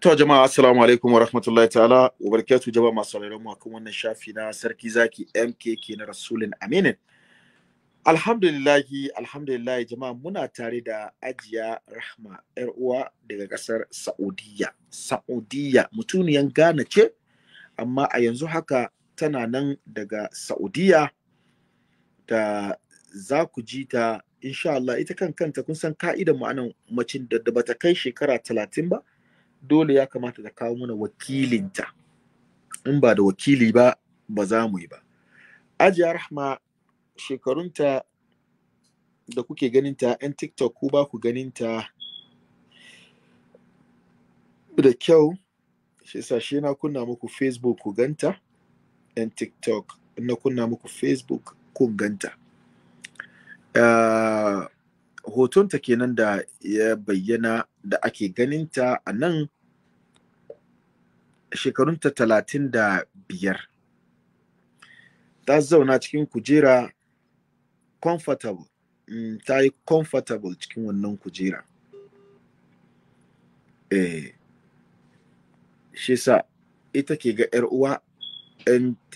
To jama'a assalamu alaikum wa rahmatullahi ta'ala wa barakatuh jama'a masu sauraron mu kan wannan shafi na sarki zaki MKK na Rasulin Aminin. Alhamdulillah alhamdulillah jama'a muna tare da Ajiya Rahma yar uwa daga kasar Saudiya. Saudiya mutuniyan Ghana ce amma a yanzu haka tana nan daga Saudiya da za ku ji ta insha Allah ita kan kanta kun san ka'idan mu anan macin da bata kai shekara talatin ba. dole ya kamata ta kawo mana wakilinta in ba da wakili ba ba za mu yi ba ajiya rahma shekarunta da kuke ganinta 'yan tiktok ko ba ku ganinta da kyau shi sashe na kunna muku facebook ku ganta 'yan tiktok na kunna muku facebook ku ganta ah, hotonta kenan da ya bayyana da ake ganinta a nan Shekarun ta talatin da biyar ta zauna cikin kujera comfortable mm, ta yi comfortable cikin wannan kujera eh shi sa ita ke ga 'yar uwa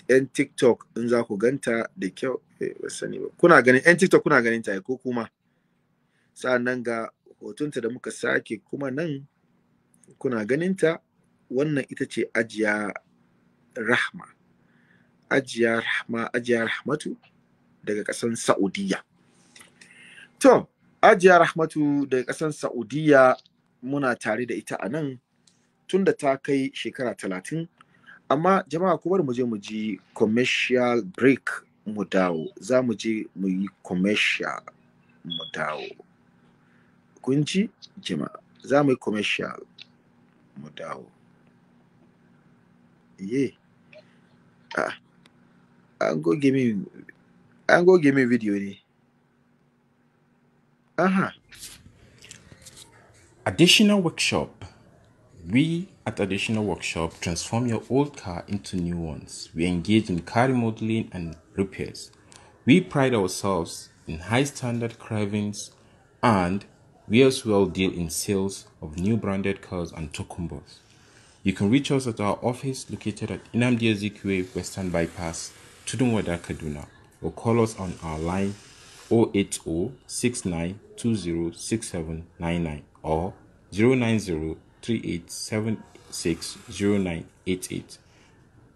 'yan tiktok in za ku ganta da kyau eh, sani ba kuna ganin 'yan tiktok kuna ganin ta ko kuma sa'an nan ga hotunta da muka sake kuma nan kuna ta? wannan ita ce ajiya rahma ajiya rahma ajiya rahmatu daga ƙasar saudiya to ajiya rahmatu daga ƙasar Saudiyya muna tare da ita a nan tun da ta kai shekara talatin amma jama'a kuma mu je mu ji commercial break mu dawo za mu je mu yi commercial mu dawo kun ji jama'a za mu yi commercial mu dawo yeah. Ah, I'm go give me, I'm go give me video. Eh? Uh huh. Additional workshop. We at Additional Workshop transform your old car into new ones. We engage in car remodeling and repairs. We pride ourselves in high standard carvings and we as well deal in sales of new branded cars and tokumbos. You can reach us at our office located at Inamdi Ezekwe Western Bypass, Tudunwada, Kaduna, or call us on our line 08069206799 or 09038760988.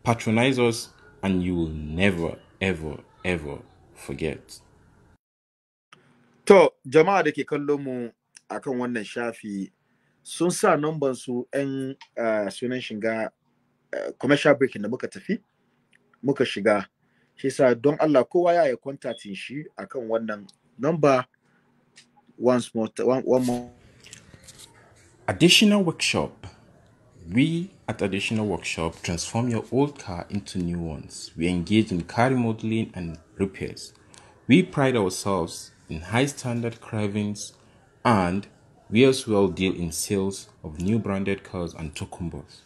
Patronize us and you will never, ever, ever forget. To jama'a da ke kallon mu akan wannan shafi sun sa numban su yan ah, sunan shiga eh, commercial breaking da muka tafi muka shiga shi sa don Allah kowa ya yi kwantatin shi akan wannan number once more one, one more additional workshop we at Additional Workshop transform your old car into new ones. We engage in car remodeling and repairs. We pride ourselves in high standard carvings and we as well deal in sales of new branded cars and tokumbos.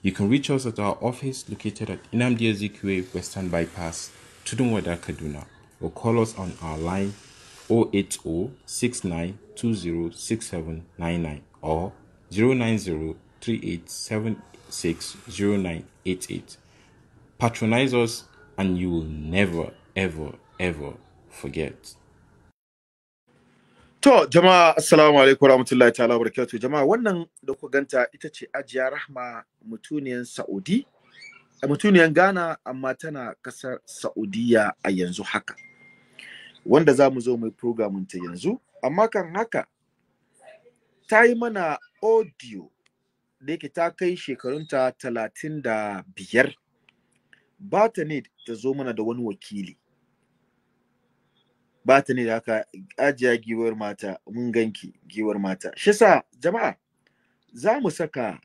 You can reach us at our office located at Inamdi Ezekwe Western Bypass, Tudumwada, Kaduna, or call us on our line 080 or 090 Patronize us and you will never, ever, ever forget. To jama'a assalamu alaikum rahmatullahi ta'ala barakatuh jama'a wannan da ku ganta ita ce Ajiya Rahma mutuniyar Saudi mutuniyar gana. amma tana kasar Saudiya a yanzu haka wanda za mu zo mai programin ta yanzu amma kan haka ta yi mana audio da yake ta kai shekarunta talatin da biyar ba ta ne ta zo mana da wani wakili ba ta ne da haka ajiya giwar mata mun ganki giwar mata shi sa jama'a za mu saka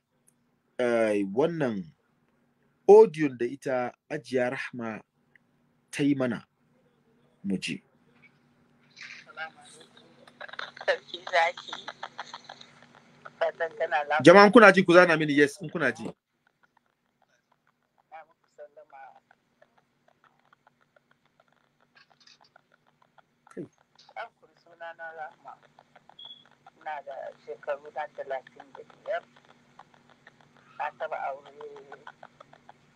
eh, wannan odiyon da ita ajiya rahma ta yi mana mu ji jama'an kuna ji ku zana mini yes in kuna ji ina da shekaru na talatin da biyar na taba aure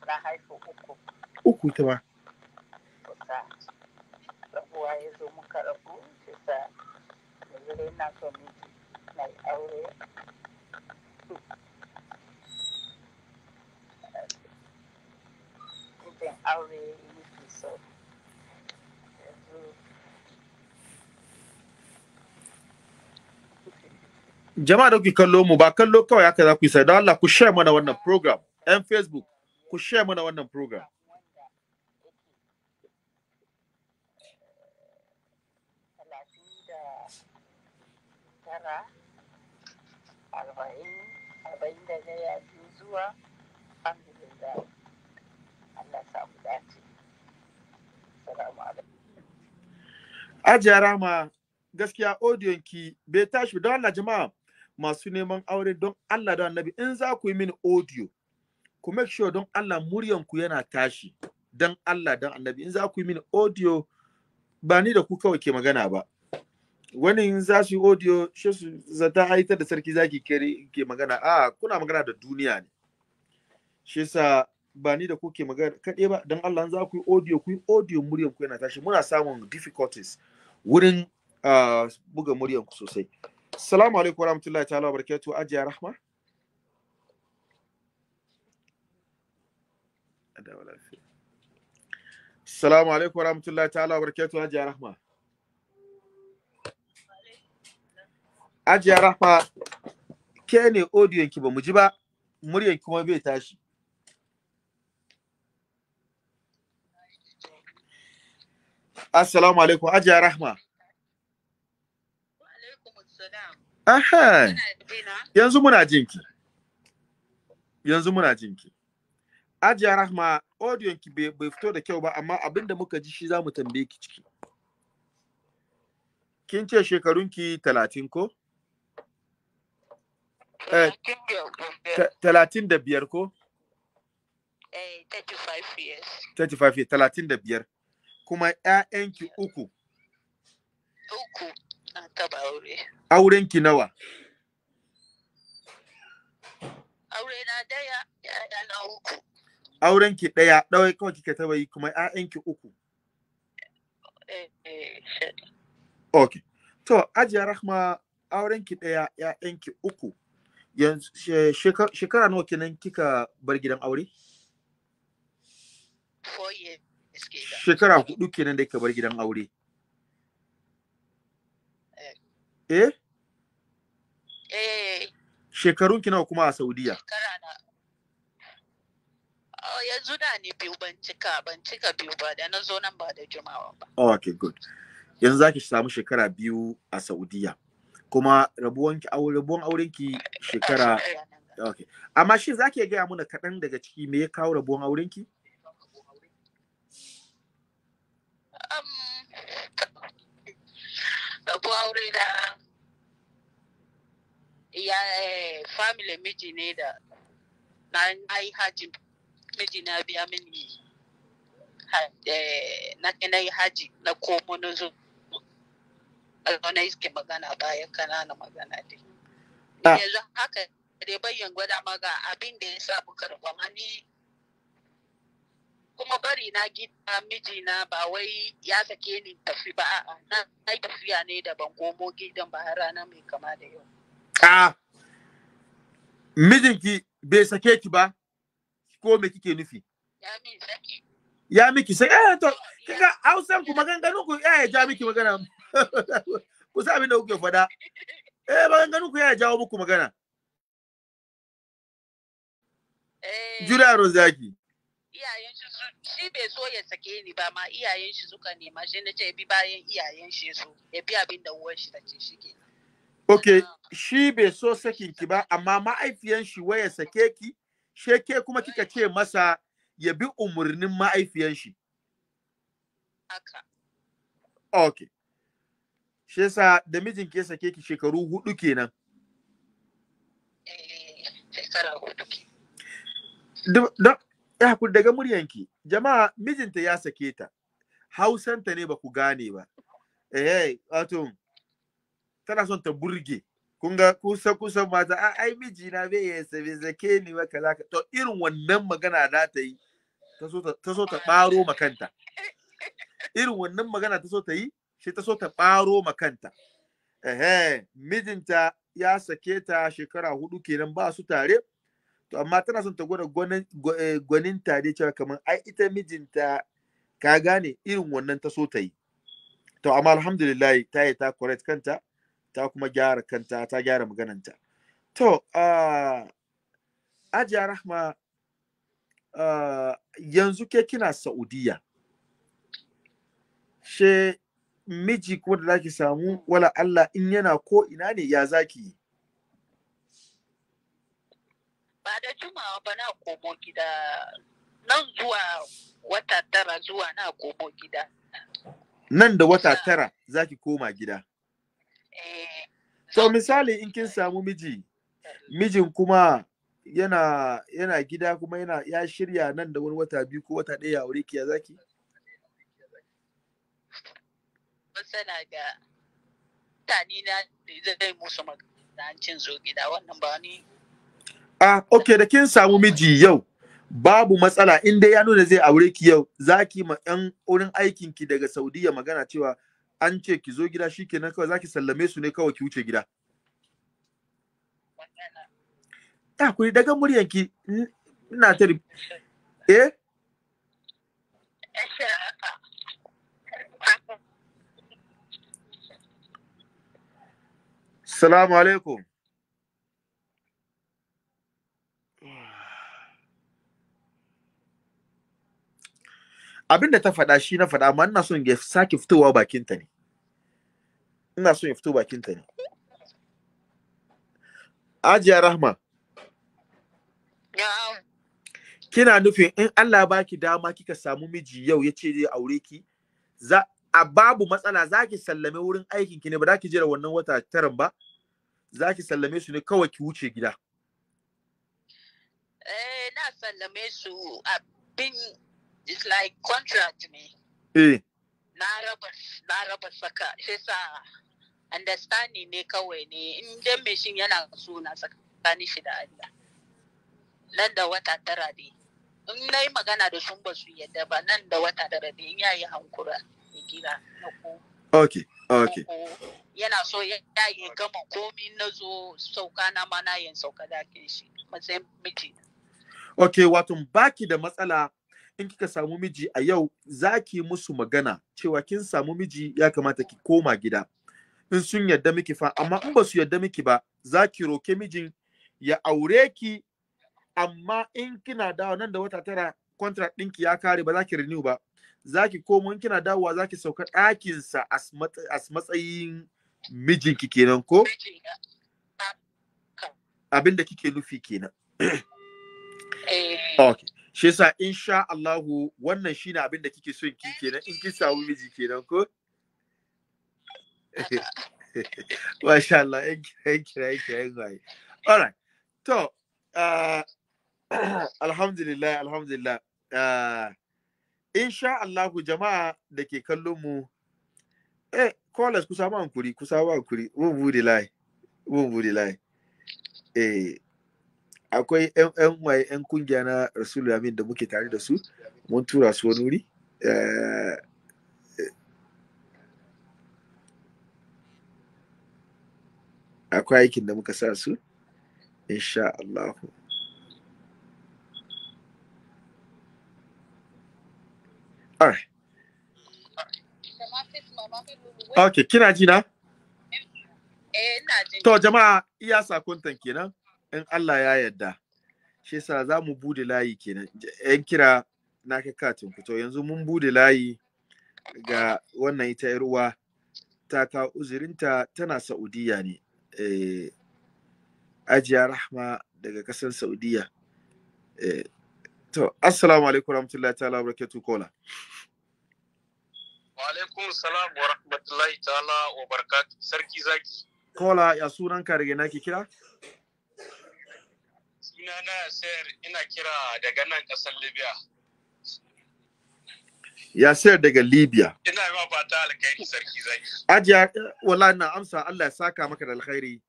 na haifu uku uku ta ba kusa rabuwa ya zo muka rabu ce sa da dai na so miji na yi aure mijin aure jama'a da kuke kallo mu ba kallo kawai haka za ku yi sai don Allah ku share mana wannan program ɗan facebook ku share mana wannan program arba'in arba'in da ya zuwa Allah dace salamu alaikum Ajiya Rama gaskiya audio ki bai tashi don Allah jama'a masu neman aure don Allah da annabi in za ku yi mini audio ku make sure don Allah muryan ku yana tashi don Allah don annabi in za ku yi mini audio ba ni da ku kawai ke magana ba wani in za su yi audio shi su zata haitar da sarki zaki ke magana a kuna magana da duniya ne shi sa ba ni da ku ke magana kaɗai ba don Allah in za ku yi audio ku yi audio muryan ku yana tashi muna samun difficulties wurin ah, buga muryan ku sosai Assalamu alaikum warahmatullahi ta'ala wabarakatuh Ajiya Rahma. Assalamu alaikum warahmatullahi ta'ala wabarakatuh Ajiya Rahma. Ajiya Rahma ke ne audiyon ki ba mu ji ba muryan kuma bai tashi. Assalamu alaikum Ajiya Rahma. Aha. Yanzu muna jinki. Yanzu muna jinki. Ajiya Rahma, audion ki bai fito da kyau ba amma abinda muka ji shi za mu tambaye ki ciki. Kin ce shekarunki talatin ko? Eh, talatin da biyar ko? Eh, 35 years. 35 years, talatin da biyar. Kuma ‘ya'yanki uku. Uku. an aure auren ki nawa aure na daya ya na uku auren ki daya dawai kawai kika taba yi kuma ƴaƴan ki uku eh, eh, okay to ajiya rahma auren ki daya ƴaƴan ki uku yanzu shekara nawa kenan kika bar gidan aure shekara hudu kenan da kika bar gidan aure eh eh shekarun ki nawa kuma a Saudiya shekara na oh yanzu da ni biyu ban cika ban cika biyu ba da na zo nan ba da jumawa ba oh, okay good yanzu ki samu shekara biyu a Saudiya kuma rabuwan rabuwan auren ki shekara okay amma shi za zaki gaya mana kaɗan daga ciki me ya kawo rabuwan auren ki um, rabuwan aure da ya eh, family miji ne da na yi haji miji na biya mini eh, na na yi haji na komo na zo na iske magana bayan kanana magana dai yanzu haka da bayan gwada maga abin da ya sa karba mani kuma bari na gida mijina ba wai ya sake ni tafi ba a'a na yi tafiya ne da ban komo gidan ba har rana mai kama da yau a mijinki bai sake ki ba ko me kike nufi ya miki sai eh to kaga hausan ku maganganun ku eh, ya ja miki magana ku sa abin da kuke faɗa eh maganganun ku ya jawo muku magana eh jura zaki iyayen shi shi bai so ya sake ni ba ma iyayen shi suka nema shi na ce bi bayan iyayen shi so ya bi abin da uwar shi ta ce shi kenan Ok, shi bai so sakin ki ba, amma ma'aifiyan shi waya sake ki, sheke kuma kika ce masa ya bi umarnin ma'aifiyan shi. Ok. Shi yasa da mijin ke sake ki shekaru hudu kenan. Eh, shekara hudu kenan. Ya ku daga muryanki, jama'a mijinta ya sake ta, hausanta ne ba ku gane ba. Eh, wato. Hey, tana son ta burge kun ga kusa kusa mata a ai miji na bai yi sabe zake ni ba kaza to irin wannan magana da ta yi ta so ta so ta baro makanta irin wannan magana ta so ta yi shi ta so ta baro makanta ehe mijinta ya sake ta shekara hudu kenan ba su tare to amma tana son ta gwada gwanin eh, tare cewa kamar ai ita mijinta ka gane irin wannan ta so ta yi to amma alhamdulillah ta yi ta correct kanta ta kuma gyara kanta ta gyara magananta to uh, ajiya rahma uh, yanzu ke kina saudiya she miji kuma da zaki samu wala Allah in yana ko ina ne ya zaki yi ba da jimawa ba na komo gida nan zuwa wata tara zuwa na komo gida nan da wata tara zaki koma gida Eh, to misali in kin samu miji, eh. mijin kuma yana yana gida kuma yana ya shirya nan da wani wata biyu ko wata ɗaya aure ki ya zaki? Matsala ga tani na da zai musu maganancin zo gida wannan ba ni. Ah, ok da kin samu miji yau. Babu matsala in dai ya nuna zai aure ki yau, zaki ma 'yan wurin aikin ki daga Saudiya magana cewa an ce ki zo gida kenan kawai zaki sallame su ne kawai ki wuce gida ta kuri daga muryanki ina ta eh Salamu alaikum. abin da ta faɗa shi na faɗa amma ina son ya sake fitowa ta ne ina son ya fito bakinta ne ajiya rahma kina nufin in Allah baki dama kika samu miji yau ya ce zai aure ki za a babu matsala za ki sallame wurin aikin ki ne ba za ki jira wannan wata taran ba za ki sallame su ne kawai ki wuce gida eh na sallame su abin it's like contract me. eh na raba na raba saka sai sa understanding ne kawai ne in dan meshin yana so na tsakanin shi da Allah nan da wata tara dai, in na yi magana da sun ba su yadda ba nan da wata tara dai, in yayi hankura ya kira na ko okay okay yana so ya yi gama komi na zo sauka na mana yin sauka da shi matsayin miji okay wato baki da matsala in kika samu miji a yau za ki musu magana cewa kin samu miji ya kamata ki koma gida in sun yarda miki fa amma in ba su yarda miki ba za ki roke mijin ya aure ki amma in kina dawo nan da wata tara contract ɗinki ya kare ba za ki renew ba za ki komo in kina dawowa za ki sauka ɗakinsa a matsayin mijinki kenan ko abin da kike nufi kenan eh. okay shi yasa insha Allahu wannan shine abin da kike son ki kenan in kin samu miji kenan ko Masha Allah, in kira kira kira All right. To, uh, alhamdulillah, alhamdulillah. Uh, insha Allahu jama'a da ke kallon mu eh callers kusa ma hankuri kusa ma hankuri won bude lai won bude lai eh akwai yan waye yan kungiya na rasul yamin da muke tare da su mun tura su wani wuri eh, akwai aikin da muka sa su insha Allah Ok, kina ji na? Eh, to jama'a iya sakon kenan. in Allah ya yarda shi yasa za mu bude layi kenan yan kira na ka katin to yanzu mun bude layi ga wannan ita ruwa ta ka uzurinta tana Saudiya ne eh Ajiya Rahma daga kasar Saudiya eh to assalamu alaikum rahmatullahi ta'ala barakatuh kola wa alaikum salam wa rahmatullahi ta'ala wa barakatuh sarki zaki kola ya sunan ka daga naki kira suna na sayar ina kira daga nan kasar libya ya sayar daga libya ina yi ba ta alkhairi sarki zai ajiya wala na amsa allah ya saka maka da alkhairi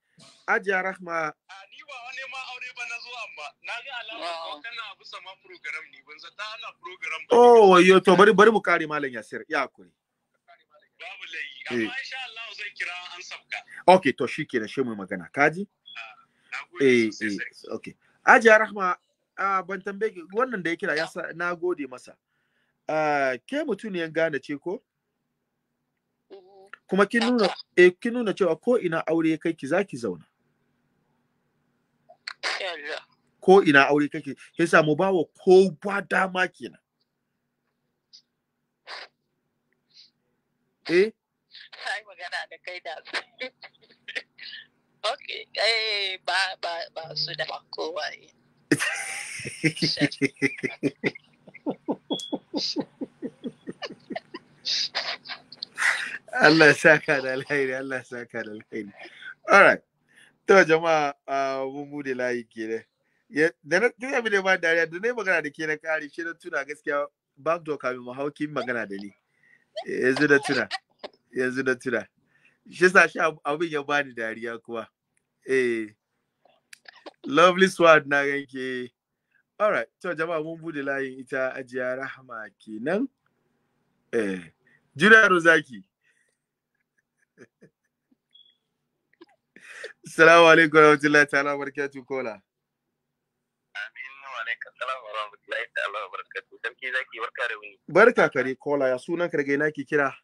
ajiya rahma ni ba wani ma aure ba na zuwa ba na ga alama ko kana abu sama program ne ban zata ana program ba oh wayo to bari bari mu kare malam yasir ya kuri babu layi amma eh. insha allah zan kira an sabka okay to shikenan shi mu magana kaji ah, Eh, eh, ok. Ajiya Rahma ban tambaye wannan da ya kira yasa na gode masa. ke mutuniyan gane ce ko? Mm-hmm. Kuma kin nuna eh kin nuna cewa ko ina aure ya kai ki zaki zauna. Ko ina aure kake ya samu bawa ba dama kenan. Eh? magana da kai da ok eh, ba ba ba su da kowa Allah saka da alheri Allah saka da alheri all right to jama'a mun bude layi kenan da na tuna mini ma dariya da na yi magana da ke na kare shi na tuna gaskiya back door kamin mu hauki magana da ni eh, yanzu da tuna yanzu da tuna shi sa shi abin ya bani dariya kuwa. eh lovely sword na ganke all right to jama'a mun bude layin ita ajiya rahama kenan eh jira rozaki Assalamu alaikum rahmatullahi ta'ala barakatuh kola. Amin wa alaikum salam wa rahmatullahi ta'ala barakatuh. Sarki zaki barka da wuni. Barka kare kola ya sunan karge na ki kira.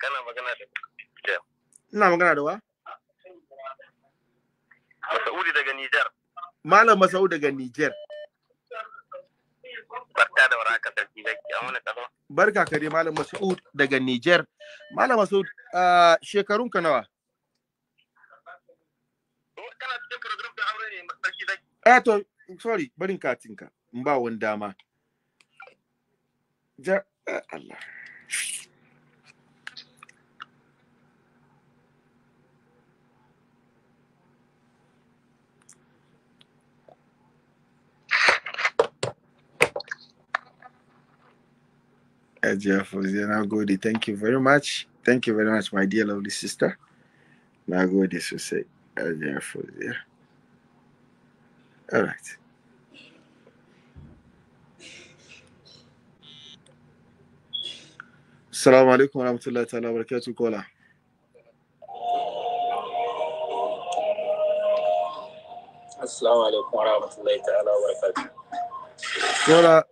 Kana magana da ina magana da wa Masaudi daga Nijar. Malam Masaudi daga Nijar. Barka da warhaka sarki zaki an wani kasa. Barka kare Malam Masaud daga Nijar. Malam Masaud uh, shekarun ka nawa? Kana cikin program da aure ne sarki zaki. Eh to sorry barin katinka in ba wani dama. Ja eh, Allah. Ajiafozi Nagodi, thank you very much. Thank you very much, my dear lovely sister. Nagodi Susei Ajiafozi. All right. Assalamu alaikum wa rahmatullahi ta'ala wa barakatuh, Kola. Assalamu alaikum wa rahmatullahi wa barakatuh. Kola.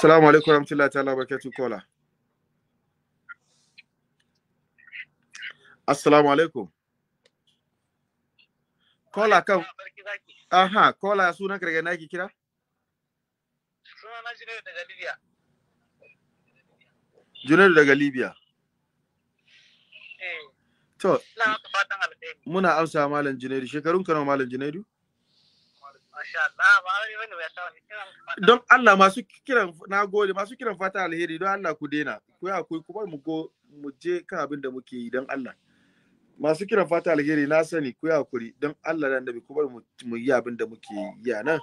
Assalamu alaikum warahmatullahi ta'ala barakatuh kola. Assalamu alaikum. Kola kan Aha, kola sunan ka daga naki kira? Sunan na Junaidu daga Libya. Junaidu daga Libya. Eh. To, muna amsa Malam Junaidu. Shekarun ka nawa Malam Junaidu? Don Allah masu kiran na gode masu kiran fata alheri don Allah ku dena ku ya ku bar mu go mu je kan abin da muke yi don Allah. Masu kiran fata alheri na sani ku ya kuri don Allah da annabi ku bar mu yi abin da muke yi a nan.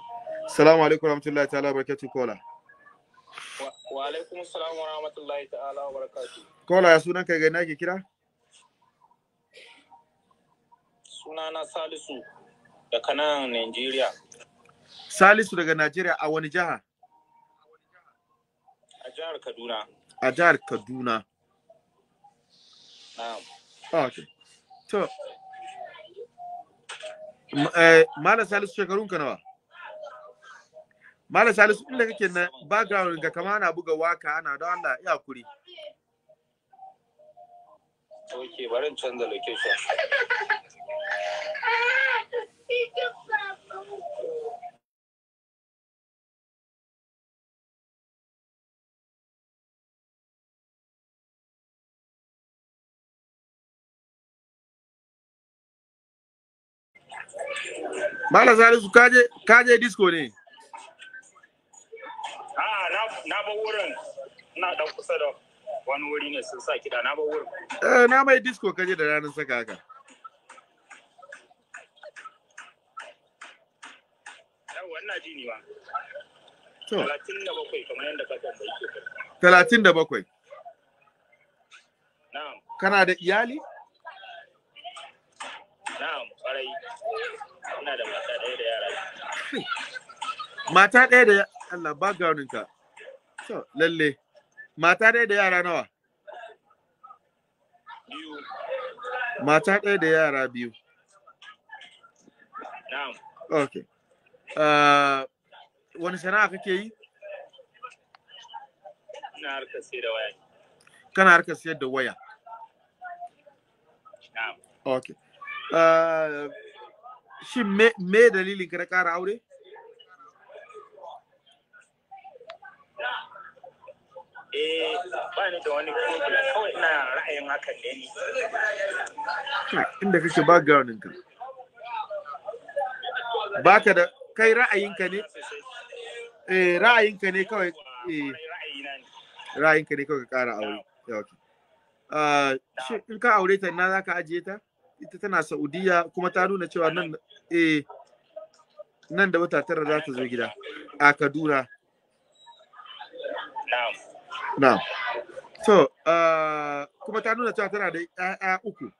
Assalamu alaikum warahmatullahi ta'ala barakatuh kola. Wa alaikum assalam warahmatullahi ta'ala barakatuh. Kola ya sunan kai ga na ke kira? Sunana Salisu da kanan Nigeria. Salisu daga Najeriya a wani jiha? A jihar Kaduna. A jihar Kaduna. Na'am. Ah, okay. To, eh, Mala Salisu shekarunka nawa? Mala Salisu inda kake na background ga kama ana buga waka ana don Allah ya kuri. Ok, barin canza location. Bala zari su kaje kaje disco ne. Ah na na ba wurin ina da kusa da wani wuri ne sun sa kida na ba wurin. Eh na mai disco kaje da ranar saka haka. Yawwa wannan ji ni ba. To. 37 kamar yanda ka tambaye Talatin 37. Na'am. Kana da iyali? Na'am, kwarai. Ina da mata ɗaya da yara. Mata ɗaya da Allah background ka. To, lalle. Mata ɗaya da yara nawa? Biyu. Mata ɗaya da yara biyu. Na'am. Okay. Uh, wani sana'a kake yi? Ina harkar sayar da waya. Kana harkar sayar da waya? Na'am. Okay. Eh, shi me dalilin ka na ƙara aure? Eh, ba ni da wani problem kawai ina hakan ni. Inda ka. da kai ra'ayinka ne? Eh, ra'ayinka ne kawai eh ra'ayinka ne kawai ka ƙara aure. Okay. Uh, in ka aure ta na za ka ajiye ta? ita tana Saudiya kuma ta nuna cewa nan eh nan da wata tara za ta zo gida a Kaduna. Na'am. So, uh, kuma ta nuna cewa tana da ‘ya'ya uku.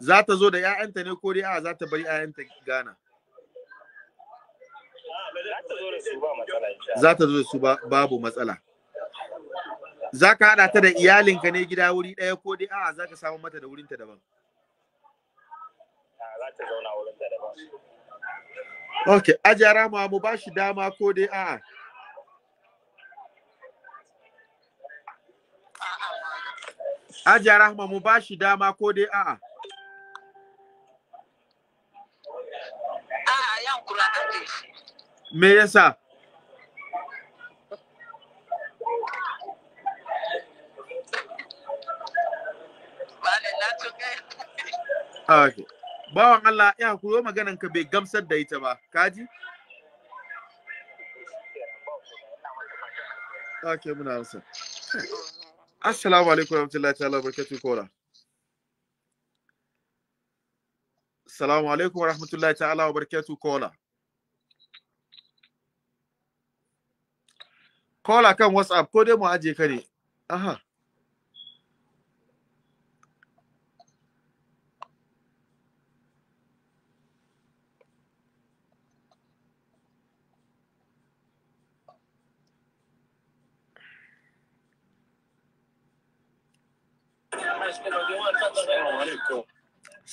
Za ta zo da ‘ya'yanta ne ko dai a za ta bari ‘ya'yanta Ghana. Za ta zo da su babu matsala. za ka haɗa ta da iyalinka ne gida wuri ɗaya ko dai a'a za ka samu mata da wurinta daban za ta zauna daban ok ajara ma mu ba shi dama ko dai a'a Hajiya ma mu ba shi dama ko dai a'a. A'a yan kura da shi. Me yasa? Okay. Bawan Allah ya kuro maganan ka bai gamsar da ita ba, kaji? Ok, muna amsa. Assalamu alaikum warahmatullahi ta'ala barakatuh kora. Assalamu alaikum warahmatullahi ta'ala barakatuh kola. Kola kan WhatsApp ko dai mu aje ka ne. Aha.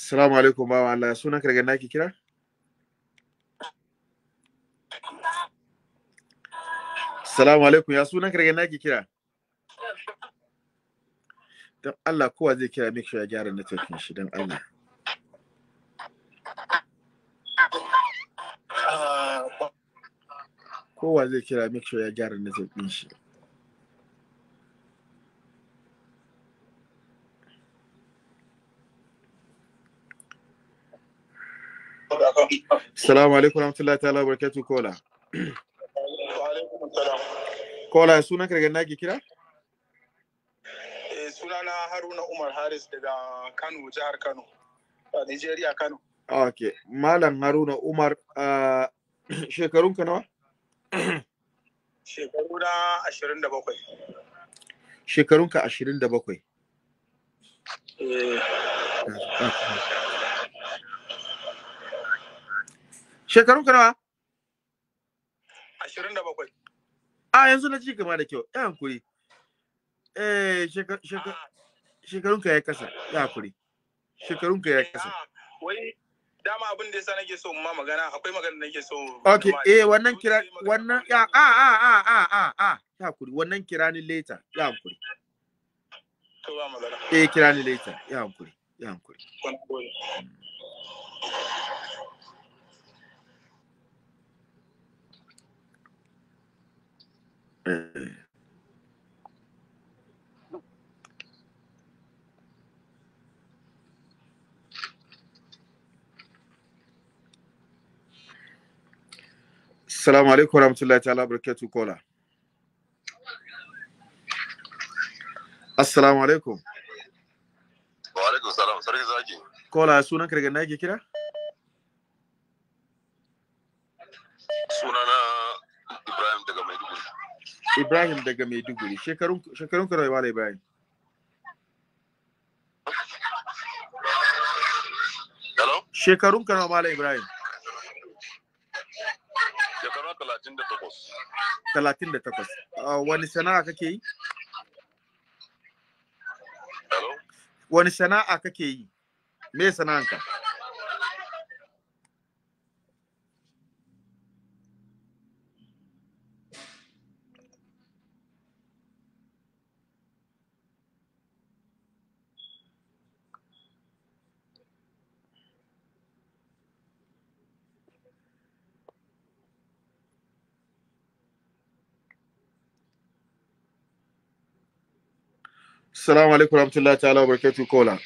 Assalamu alaikum ba wa Allah sunan daga naki kira? Assalamu alaikum ya sunan daga naki kira? Don Allah kowa zai kira make sure ya gyara networking shi don Allah. Kowa zai kira make sure ya gyara networking shi. Salamu alaikum wa alaikum warahmatullahi ta'ala barakatuh kola. Kola sunan ka daga nake kira? Eh sunana Haruna Umar Haris daga Kano jihar Kano. A Nigeria Kano. Okay, Malam Haruna Umar a shekarun ka nawa? Shekaru na bakwai. Shekarun ka ashirin bakwai. Eh. Ah, ah. shekarun ka nawa ashirin da bakwai a yanzu na ji kama da kyau ya hankuri eh ah. shekarun ka ya kasa ya hankuri shekarun ka ya kasa ah, wai dama abin da yasa nake so ma magana akwai magana da nake so okay eh wannan kira wannan ya a a a a a a ya hankuri wannan kira ni later ya hankuri to ba magana eh kira ni later ya hankuri ya hankuri Eh. Assalamu alaikum rahmatullahi ta'ala barakatu kola. Assalamu alaikum. Wa alaikum salam sarki zaki. Kola sunan kirgin nake kira? Ibrahim daga Maiduguri. Shekarun shekarun karo Malam Ibrahim. Hello? Shekarun karo Malam Ibrahim. Shekaru 38. 38. wani sana'a kake yi? Hello? Wani sana'a kake yi? Me sana'anka? Assalamu alaikum warahmatullahi ta'ala wabarakatuh kola.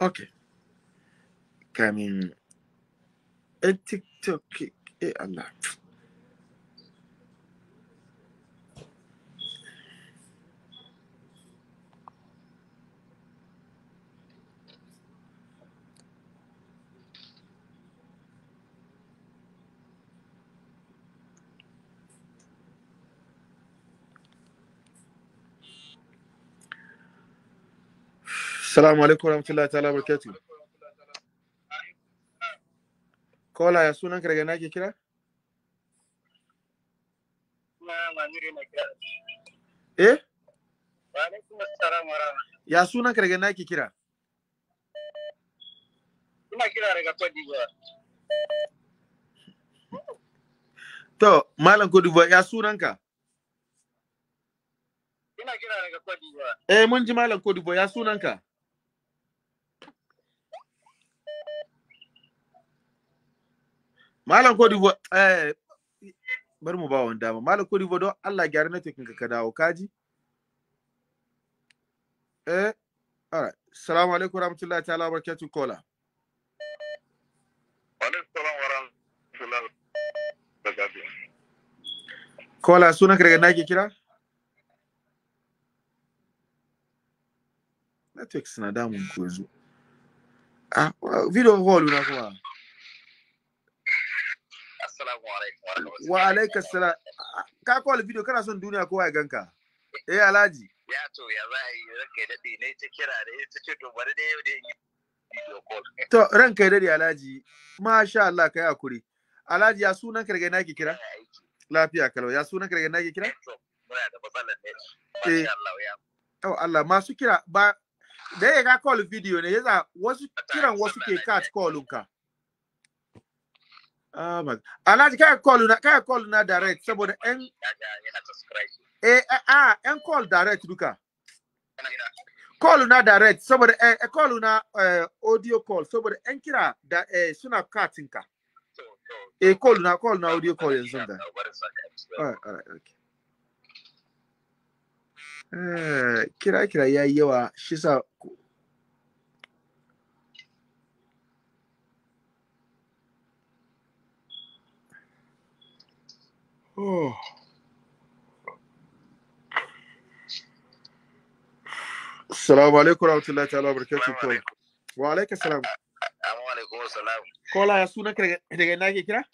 okay. Kamin. Eh, TikTok. Eh Allah. Assalamu alaikum warahmatullahi ta'ala barakatuh. Kola ya sunan ka daga na ke kira? Eh? Ya sunan ka daga na ke kira? Ina kira daga Cote To, Malam Cote ya sunan ka? Ina kira daga Cote Eh, mun ji Malam Cote ya sunan ka? Malam bo eh, bari mu ba wani dama. Malam bo don Allah gyara na tekinka ka dawo kaji. Eh, right assalamu alaikum rahmatullahi ta'ala wa barakatuh kola. Kola sunan daga nake kira? Network suna damun ku yanzu. Ah, video hall na kuma. wa alaika salam ka call video kana son duniya kowa ya ganka eh alhaji ya to ya bai ranka ya dade ne ta kira da ita ce to bari dai yau dai video call to ranka ya dade alhaji masha Allah kai hakuri alhaji ya sunan ka daga naki kira lafiya kalau ya sunan ka daga naki kira eh, muna da matsalar ne eh. masha Allah ya oh Allah masu kira ba da ya ga call video ne yasa wasu kiran wasu ke cat callin ka Ahmad. Alhaji kai call na kai call na direct saboda en Eh en eh, ah, call direct duka. Call na direct saboda eh, eh call na eh, audio call saboda en kira da eh suna cutting ka. Eh call na call na audio call yanzu da. Alright alright okay. Eh kira kira ya yawa shisa, Oh. Assalamu alaikum rahmatullahi ta'ala barakatuh to. Wa alaikum salam. Assalamu alaikum salam. Kola ya suna daga ina ke kira?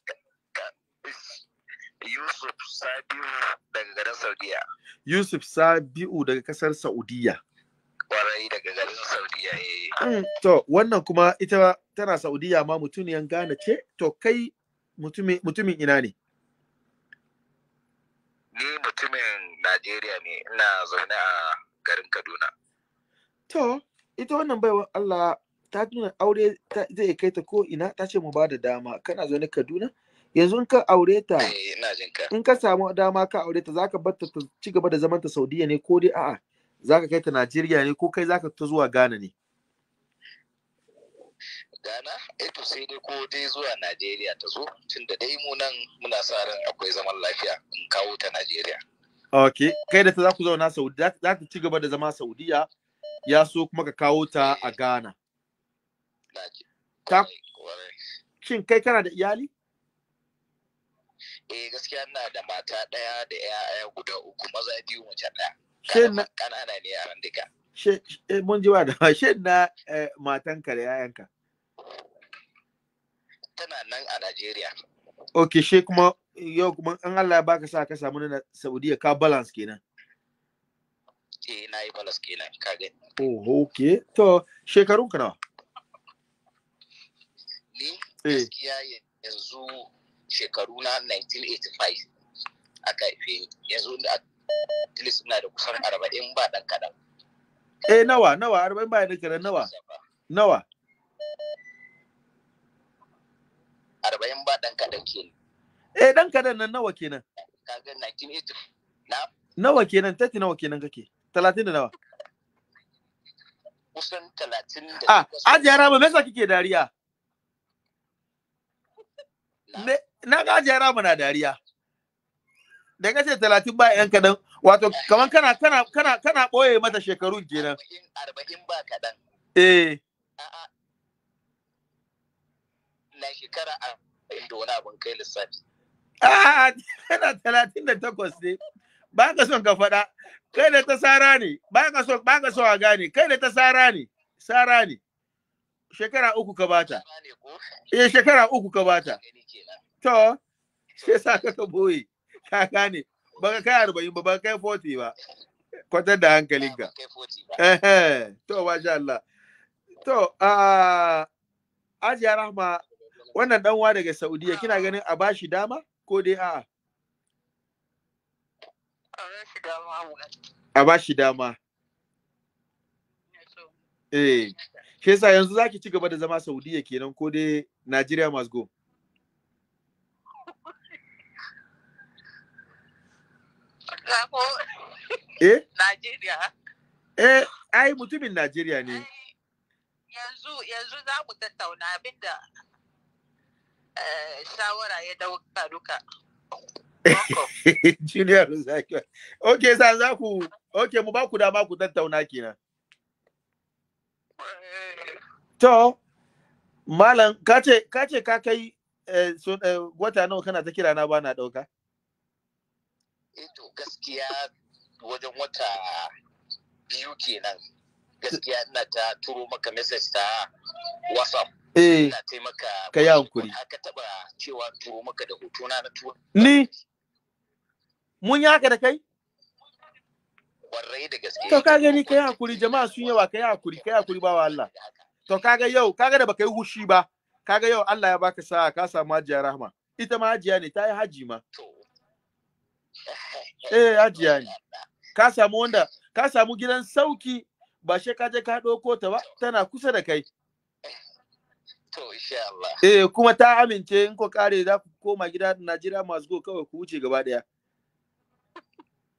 Yusuf Sabiu daga garin Saudiya. Yusuf Sabiu daga kasar Saudiya. Warai daga garin Saudiya eh. Mm, to wannan kuma ita tana Saudiya ma mutuniyan Ghana ce to kai mutumin ina ne? ni mutumin Najeriya ne ina zaune a garin Kaduna. To, ita wannan baiwan Allah ta nuna aure zai kai ta ko ina ta ce mu ba da dama kana zaune Kaduna yanzu in ka aure ta eh, in ka samu dama ka aure ta zaka bar ta ci gaba da zaman ta Saudiya ne ko dai a'a ka kai ta Najeriya ne ko kai za ka ta zuwa Ghana ne. Ghana eto eh sai dai ko dai zuwa Najeriya ta zo tunda dai mu nan muna sa ran akwai zaman lafiya in kawo ta Najeriya. Ok, kai da ta za ku zauna Saudi, za ta ci gaba da zama Saudiya ya so kuma ka kawo ta a eh. Ghana. Ta Shin kai kana da iyali? Eh gaskiya na da mata ɗaya da ƴaƴa guda uku maza biyu mace ɗaya. Shin na kanana ne yaran duka. Shin eh, mun ji ba da shin na matanka da 'ya'yanka? tana nan a Najeriya. Ok, shi kuma yau kuma an Allah ya baka sa ka samu na Saudiya ka balance kenan. Eh, na yi balance kenan, ka gani. Oh, ok. To, shekarun ka nawa? Ni eh. gaskiya yanzu shekaru na 1985 aka haife yanzu da at na da kusan arba'in ba dan kaɗan. Eh, nawa, nawa, arba'in ba dan kadan nawa. Nawa. arba'in ba ɗan kaɗan kenan. Eh ɗan kaɗan nan nawa kenan? Kaga 1980. Nawa kenan? Tati nawa kenan kake? Talatin da nawa? Kusan talatin da Ah, ajiya rama, me yasa kike dariya? Na ga ajiya rama na dariya. Da ka ce talatin ba ɗan kaɗan, wato kamar kana kana kana kana ɓoye mata shekarun kenan. Arba'in ba kaɗan. Eh. na shekara a inda wani abin kai lissafi. A'a, ah, tana talatin da takwas ne. Ba ka son ka faɗa. Kai da ta sara ne. Ba ka son ba ka son a gane. Kai da ta sara ne. Sara ne. Shekara uku ka bata. Eh shekara uku ka bata. To, sai sa ka ka boye. Ka gane. Ba ka kai arba'in ba, ba ka kai forty ba. Kwatar da hankalinka. To, masha Allah. To, ah, Ajiya Rahma wannan dan daga Saudiya kina ganin a bashi dama ko dai a'a a bashi dama eh shi yasa yanzu zaki ci gaba da zama Saudiya kenan ko dai Najeriya must go Eh? Najeriya. Eh, ai mutumin Najeriya ne. Yanzu yanzu za mu tattauna abinda Eh, shawara ya dauka duka Junior Zaki. Okay, sa za ku okay mu ba ku dama ku tattauna kenan. Eh. To Malam kace kace ka kai eh, wata nawa kana ta kira na bana dauka? Eh to gaskiya wajen wata biyu kenan. Gaskiya ina ta turo maka message ta WhatsApp. eh ka yi hankuri aka taba cewa turo maka da hoto na turo ni mun yi haka da kai kwarai da gaske to ka gani ka yi hankuri jama'a sun yawa ka yi hankuri ka yi hankuri ba wa Allah to kaga yau kaga da baka yi hushi ba kaga yau Allah ya baka sa'a ka samu hajiya rahma ita ma hajiya ne ta yi haji ma eh hajiya ne ka samu wanda ka samu gidan sauki ba shi ka je ka ɗauko ta ba tana kusa da kai To, insha Allah. Eh, kuma ta amince in ko kare za ku koma gida Najeriya masu go kawai ku wuce gaba daya.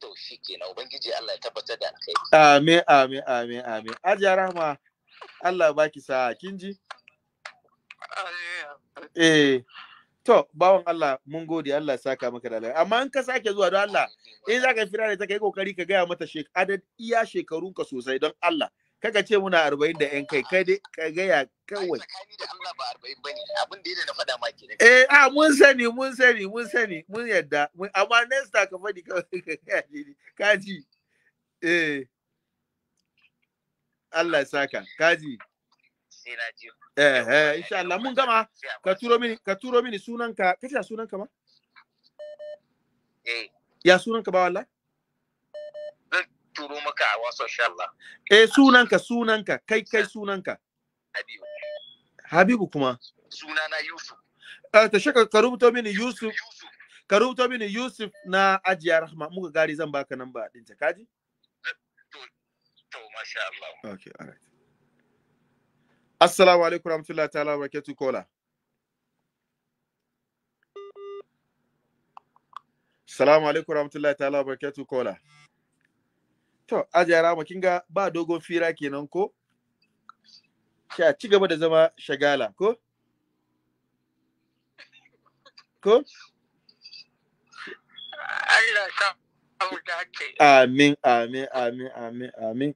To, shikenan Ubangiji Allah ya tabbatar da alkhairi. Amin, amin, amin, amin. Ajiya Rahma, Allah baki sa'a, kin ji? Eh, to, bawan Allah mun gode Allah saka maka da alheri. Amma in ka sake zuwa don Allah, in za ka fira ne ta kai kokari ka gaya mata adad iya shekarunka sosai don Allah. kaka ce muna arba'in da yan kai kai dai ka gaya kawai eh a mun sani mun sani mun sani mun yadda amma nesta ka faɗi kawai kaji eh Allah ya saka kaji eh eh insha Allah mun gama ka turo mini ka turo mini sunanka kace sunanka ma eh ya sunanka ba wallahi turo maka a wasu insha Allah eh sunanka sunanka kai kai sunanka Habibu Habibu kuma sunana Yusuf eh ta shaka ka rubuta mini Yusuf ka rubuta mini Yusuf na Ajiya Rahma muka gari zan baka namba din ta kaji to masha Allah okay all right assalamu alaikum warahmatullahi ta'ala wabarakatuh kola Assalamu alaikum warahmatullahi ta'ala wa barakatuh kola. To, ajiyara mu kinga ba dogon fira kenan ko? Sha ci gaba da zama shagala ko? Ko? Allah Amin, amin, amin, amin, amin.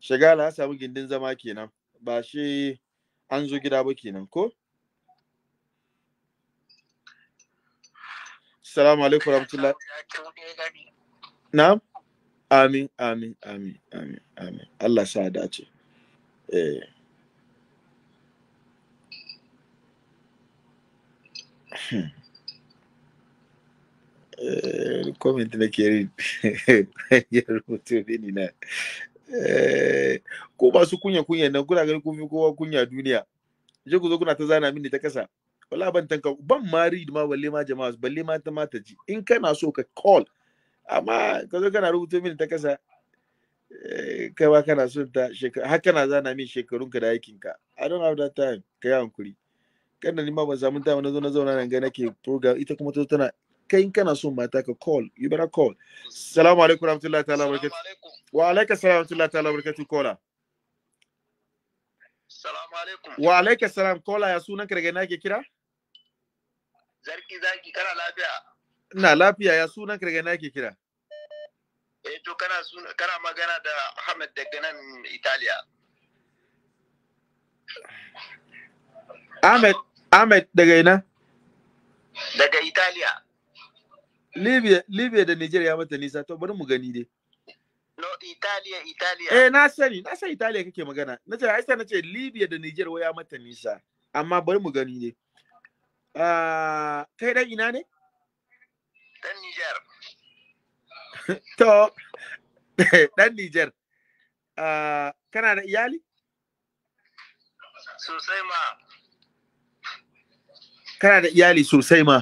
Shagala ya samu gindin zama kenan, ba shi an zo gida ba kenan ko? Salamu alaikum rahmatullahi. Na'am? Amin, amin, amin, amin, amin. Allah sa dace. Eh. Hmm. eh comment na ke eh, ya rubuta ne na ko ba su kunya kunya na kuna ganin kun fi kowa kunya duniya je ku zo kuna ta zana mini ta kasa wala ban tanka ban ma read ma balle ma jama'a balle ma ta mata ji in kana so ka call amma ka zo kana rubuto min ta kasa eh, kai ba kana son ta shekaru har kana zana min shekarun ka da aikin ka i don't have that time ka yi hankuri kan da ni ma ban samu time na zo na zauna nan ga nake program ita kuma ta tana kai kana son mata ka call you better call assalamu alaikum warahmatullahi ta'ala barakatuh wa alaikum assalamu warahmatullahi ta'ala barakatuh kola alaikum. Wa alaikum salam kola ya sunan ka daga ina ke kira? Zarki zaki kana lafiya. Ina lafiya ya sunan kirga na ke kira. Eh to kana kana magana da Ahmed daga nan Italiya. Ahmed Ahmed daga ina? Daga Italiya. Libya Libya da Nigeria mata nisa to bari mu gani dai. No Italiya Italiya. Eh na sani na sani Italiya kake magana. Na ce Aisha na ce Libya da nigeria waya mata nisa amma bari mu gani dai. Ah kai dan ina ne? Niger. To, dan Niger, uh, kana da iyali? Sosai ma. Kana da iyali sosai ma?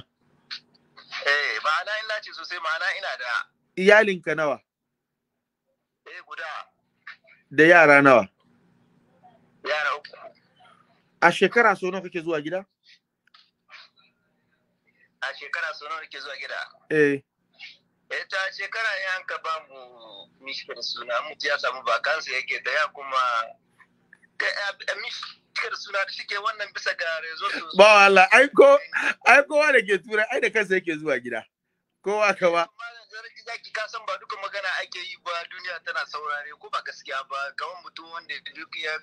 Eh, ba na ina ce sosai ma, na ina da. Iyalinka nawa? Eh, guda. Da yara nawa? Yara uku. A shekara sau nawa kake zuwa gida? shekara sau nawa nake zuwa gida eh ita eh, shekara ka ba mu mishkar suna mu ya samu bakansa yake da ya kuma mishkar suna ba wala ai kowa da ke tura ai da kansa yake zuwa gida kowa ka ba duka magana ake yi ba duniya tana saurare ko ba gaskiya ba mutum wanda duk ya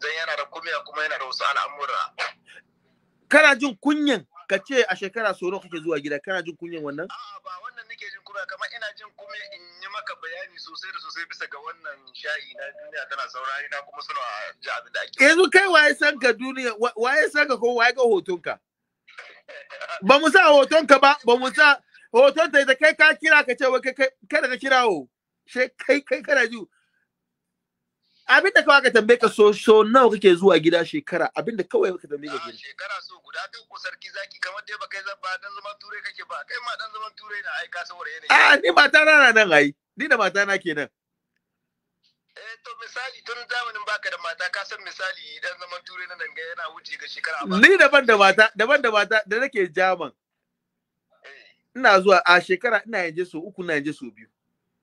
zan yana da kuma yana kana jin kunyan ka ce a shekara sau kake zuwa gida kana jin kunyan wannan? A'a ba wannan nake jin kuma kamar ina jin kuma in yi maka bayani sosai da sosai bisa ga wannan sha'i na duniya tana saurari na kuma suna ji abin da ake. Yanzu kai waye san ka duniya waye san ka ko waye ga hotonka? Ba mu sa hoton ka ba ba mu sa hoton ta kai ka kira ka ce wai kai kai da ka kirawo. Sai kai kai kana ji abin da kawai ka tambaye ka so so nawa kake zuwa gida shekara abin da kawai ka tambaye ka ah, shekara so guda ta ko sarki zaki kamar dai ba kai zan ba dan zaman turai kake ba kai ma dan zaman turai na ai ka saboda yanayi a ni ah, mata na nan ai ni da mata na kenan eh to misali tun zamanin baka da mata ka san misali dan zaman turai na nan ga yana wuce ga shekara ba ni daban da mata daban da mata da nake jaman eh. ina zuwa a shekara ina yanje so uku ina yanje so biyu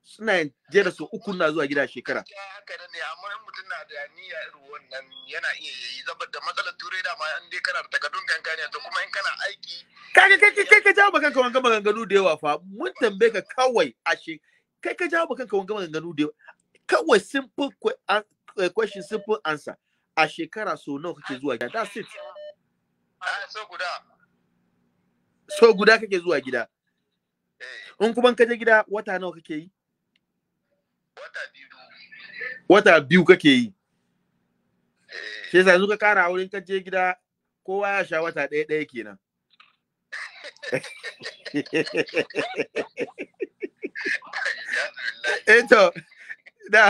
suna jera su uku na zuwa gida shekara. Ya haka da ne amma in mutum na da niyya irin wannan yana iya yi da matsalar turai da ma in dai kana da takardun kankani to kuma in kana aiki. Kai kai kai ka jawo kanka wanga maganganu da yawa fa mun tambaye ka kawai a she kai ka jawo kanka wanga maganganu da yawa kawai simple eh, question simple answer a shekara so nawa kake zuwa gida that's it. So guda. So guda kake zuwa gida. Eh. In kuma ka je gida wata nawa kake yi? wata biyu kake yi eh. sai sa zuka kara wurin kaje gida kowa ya sha wata ɗaya ɗaya kenan eto eh da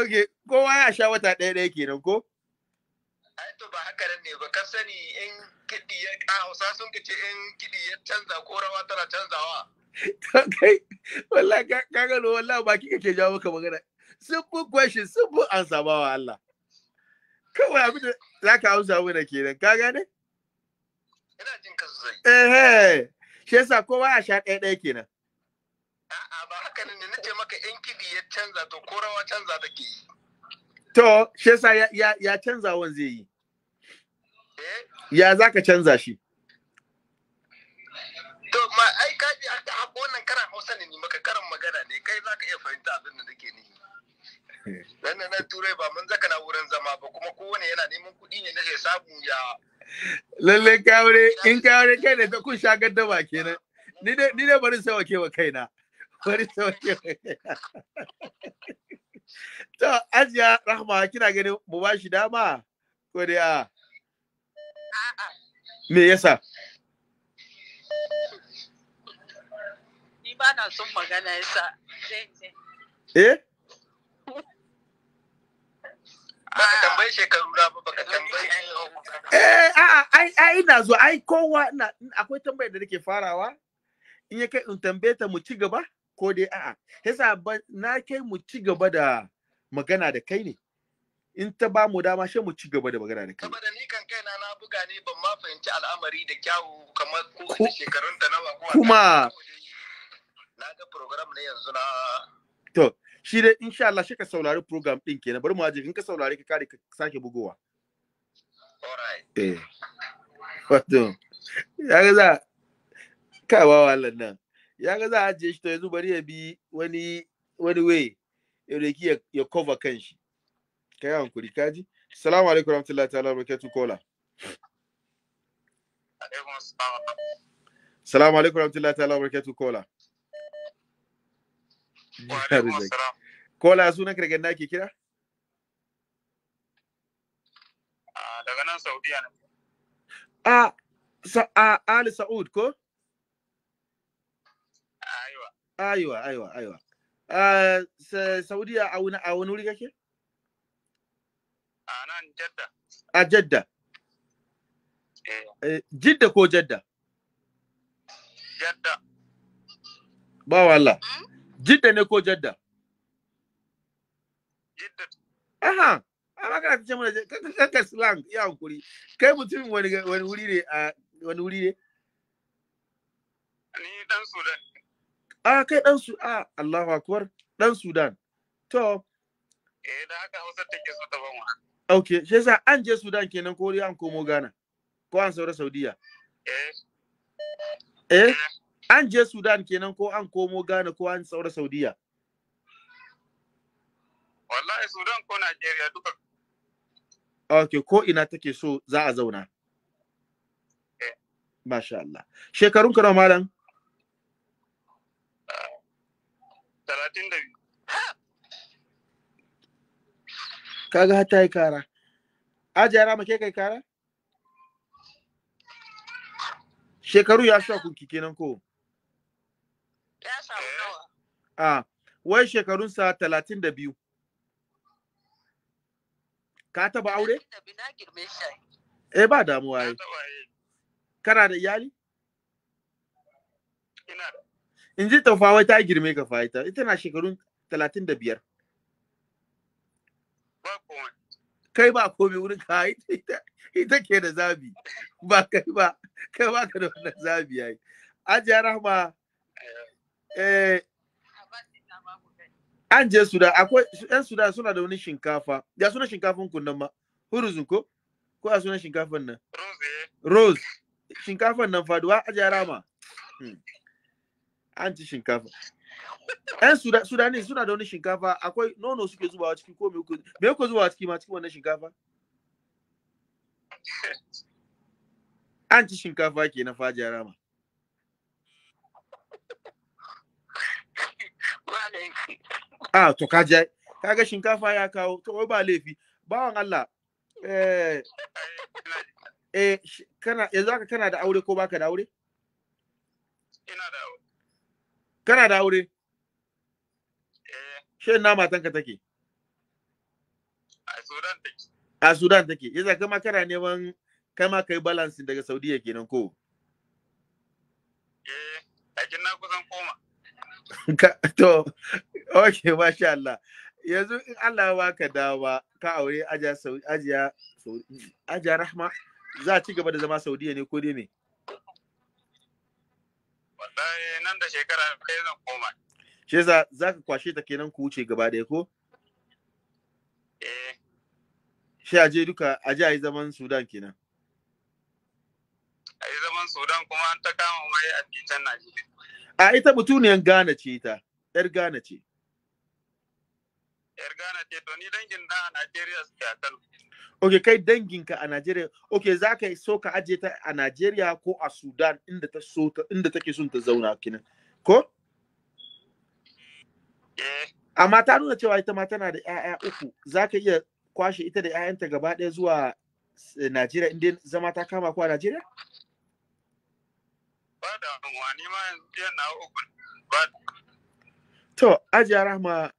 ok kowa ya sha wata ɗaya ɗaya kenan ko to ba haka ne ba ka sani in kiɗi ya hausa sun kace in kiɗi ya canza ko rawa tana canzawa kai wallahi ka gano wallahi baki kake jawo maka magana simple question simple answer ba wa Allah kawai abin da zaka amsa mana kenan ka gane ina jin ka eh eh shi yasa kowa ya sha ɗaya ɗaya kenan a'a ba haka ne nace maka kidi ya canza to ko rawa canza take yi to shi yasa ya ya, ya canza wan zai yi eh ya zaka canza shi to ma ai tafi haka haka wannan karan hausa ne ni maka karan magana ne kai za ka iya fahimta abin da nake ni dan na turai ba mun zaka na wurin zama ba kuma kowane yana neman kuɗi ne nake samu ya lalle kawure in kawure kai ne ta kun sha ba kenan ni ne ni ne bari sauke wa kaina bari sauke to ajiya rahma kina gani mu ba shi dama ko dai a me yasa Eh? ba son eh ina zo kowa akwai tambayar da nake farawa in ya kai in tambaye mu ci gaba ko dai a'a yasa na kai mu ci gaba da magana da kai ne in ta ba mu dama mu ci gaba da magana da kai na buga ne ban al'amari da kyawu kamar kuma program ne yanzu na to shi dai insha Allah shi ka saurari program din kenan bari mu aje in ka saurari ka kare ka sake bugowa alright eh ya ga za ka ba wallan nan ya ga za a aje shi to yanzu bari ya bi wani wani way ya reki ya cover kan shi yi hankuri kaji assalamu alaikum warahmatullahi ta'ala barakatuh kola Salamu alaikum warahmatullahi ta'ala barakatuh kola. Kola sunan kirgen na ke kira? Ah, daga nan Saudiya ne. A, a Ali Sa'ud ko? Aiwa. Aiwa, aiwa, a Saudiya a wani a wani wuri kake? A nan Jadda. A Jadda. Eh. E, Jidda ko Jadda? Jadda. Ba wallah. Hmm? Jidda ne ko Jadda? Jidda. Aha, amma kana kace mana kanka slang ya hankuri. Kai mutumin wani wani wuri ne a wani wuri ne? Ni dan Sudan. Ah, kai dan su ah Allahu akbar, dan Sudan. To. Eh, da haka Hausa take so ta ban Okay, shi yasa an je Sudan kenan ko an komo Ghana? Ko an saura Saudiya? Eh. Eh. eh. an je Sudan kenan ko an komo Ghana ko an saura Saudiya wallahi Sudan ko Najeriya duka okay ko ina take so za a zauna okay. Eh. Masha Allah shekarun ka nawa malam 32 eh, kaga har ta yi kara ajiyara make kai kara shekaru ya sha kunki kenan ko a wai shekarunsa talatin da biyu ka taɓa aure? eh ba damuwa yi kana da iyali? in ji tafawai ta girme ka fahimta ita na shekarun talatin da biyar kai ba komai wurin ka ita ke da zabi ba kai ba kai ba ka da wannan zabi yayi ajiya rahma eh, eh an je suda akwai yan suda suna da wani shinkafa ya suna shinkafan kun nan ma huruzun ko ko a suna shinkafan nan rose eh. shinkafan nan faduwa a jara ma hmm. an ci shinkafa yan sudani suna da wani shinkafa akwai nono suke a ciki ko me yako a ciki ma cikin wannan shinkafa an ci shinkafa ke na fajiya rama a to ka je kaga shinkafa ya kawo to ba laifi bawan Allah eh eh kana yanzu ka kana da aure ko baka da aure ina da aure kana da aure eh shin na ka take a Sudan take a Sudan take yanzu kama kana neman kama kai balance daga Saudiya kenan ko eh a na kusan koma to ok masha Allah yanzu in Allah ba ka dawa ka aure ajiya ajiya rahma za a ci gaba da zama saudiya ne ko dai me wallahi nan da shekara ɗaya zan koma shi za za ka kwashe ta kenan ku wuce gaba ɗaya ko eh shi aje duka a yi zaman sudan kenan yi zaman sudan kuma an ta kama mai a cikin najeriya a ita mutuniyan gana ce ita yar gana ce yar Ghana ce to ni dangin na a Najeriya suke a Kano. Ok, kai danginka a Najeriya, ok za ka so ka ajiye ta a Najeriya ko a Sudan inda ta so ta inda take son ta zauna kinan. ko? Eh. Amma ta nuna cewa ita ma tana da ƴaƴa uku, za ka iya kwashe ita da ƴaƴanta gaba ɗaya zuwa eh, Najeriya inda zama ta kama ku a Najeriya? Ba da wani ma yanzu na uku. To, Ajiya Rahma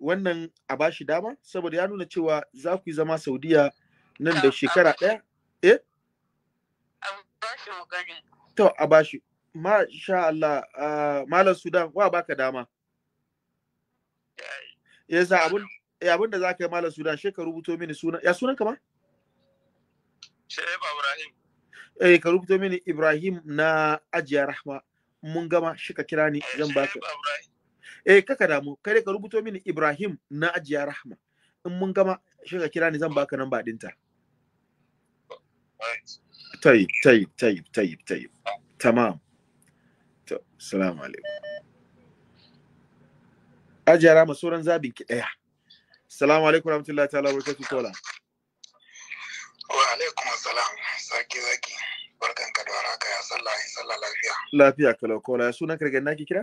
wannan a ba shi dama saboda ya nuna cewa za ku yi zama saudiya nan da shekara ɗaya eh to a bashi masha Allah uh, malam sudan wa ba ka dama yasa abun abin da za ka yi malam sudan shi ka rubuto mini sunan ya sunan kama Shehu Ibrahim. Eh ka rubuto mini Ibrahim na Ajiya Rahma mun gama shi ka kira ni zan ba ka. Ibrahim. eh kaka damu kare ka rubuto mini Ibrahim na ajiya rahma in mun gama shi ka kira ni zan baka nan ba dinta tayyib tayyib tayyib tayyib tayyib tamam to assalamu alaikum ajiya rahma sauran zabin ki daya assalamu alaikum warahmatullahi ta'ala barakatuh kola wa alaikum assalam saki zaki barkan ka da waraka ya sallah in sallah lafiya lafiya kala-kala, kola sunan kirgen naki kira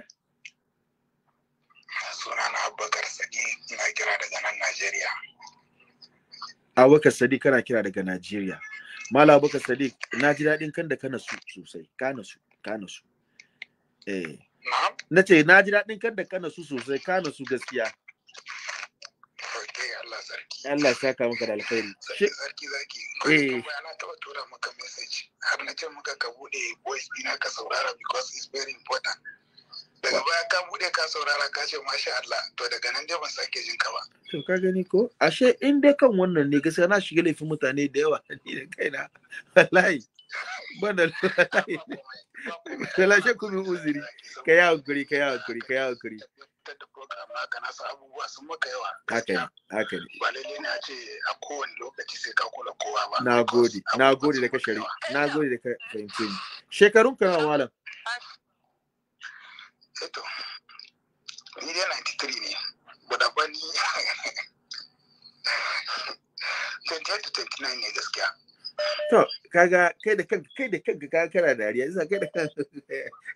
ina kira daga nan Najeriya. Abubakar Sadiq kana kira daga Najeriya. Malam Abubakar Sadiq na ji daɗin kan da kana su sosai, kana su, kana su. Eh. Na ce na ji daɗin kan da kana su sosai, kana su gaskiya. Allah ya saka maka da alkhairi. Sarki zaki, kai ana taɓa tura maka message har na ce maka ka bude voice ɗina ka saurara because it's very important. daga baya ka bude ka saurara ka ce masha Allah to daga nan dai ban sake jin ka ba to ka gani ko ashe in dai kan wannan ne gaskiya na shiga laifin mutane da yawa ni da kaina wallahi bana wallahi sai ku mu uzuri ka ya hankuri ka ya hankuri ka ya hankuri na sa abubuwa sun maka yawa ba lalle ne a ce a kowane lokaci sai ka kula kowa ba na gode na gode da ka shari na gode da ka fahimce ni shekarun ka malam eto eh ni dai 93 ne guda ba ni 28 to 29 ne gaskiya to kaga kai da kanka kai da kanka ka kana dariya isa kai da kanka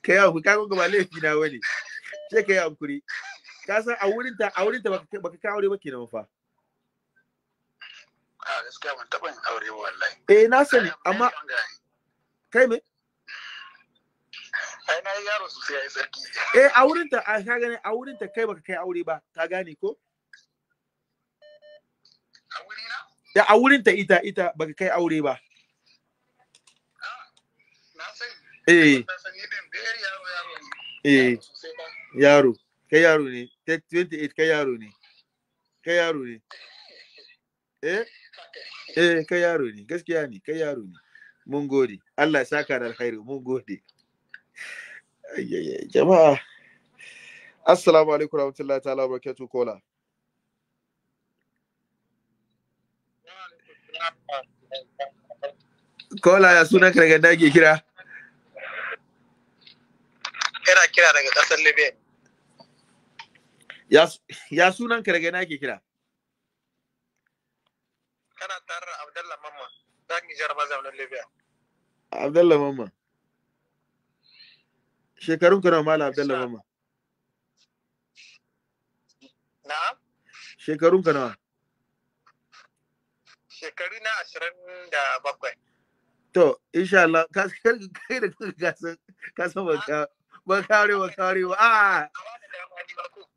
kai ya ku kaga ba laifi na wani sai kai hankuri ka san a wurin ta a wurin ta baka ka aure ba kenan fa a gaskiya ban taba yin aure ba wallahi eh na sani amma kai me ai na yaro sosai ai sarki eh a wurin ta ka gane a wurin ta kai baka kai aure ba ka gane ko da a wurin ta ita ita baka kai aure ba ah, eh. eh yaro eh yaro kai yaro ne 28 kai yaro ne kai yaro ne eh. eh eh kai yaro ne gaskiya ne kai yaro ne mun gode Allah ya saka da alkhairi mun gode jama'a assalamu alaikum rahmatullahi ta'ala barakatu kola kola ya sunan ka daga dage kira kira kira daga kasar libya ya sunan ka na ke kira kana tare da abdallah mamma zan yi jarabar zaunin libya abdallah Mamman. shekarun kana mala abdalla mama na shekarun kana shekaru na ashirin da bakwai to insha Allah ka kai da kuka ka san ba kare ba kare ba a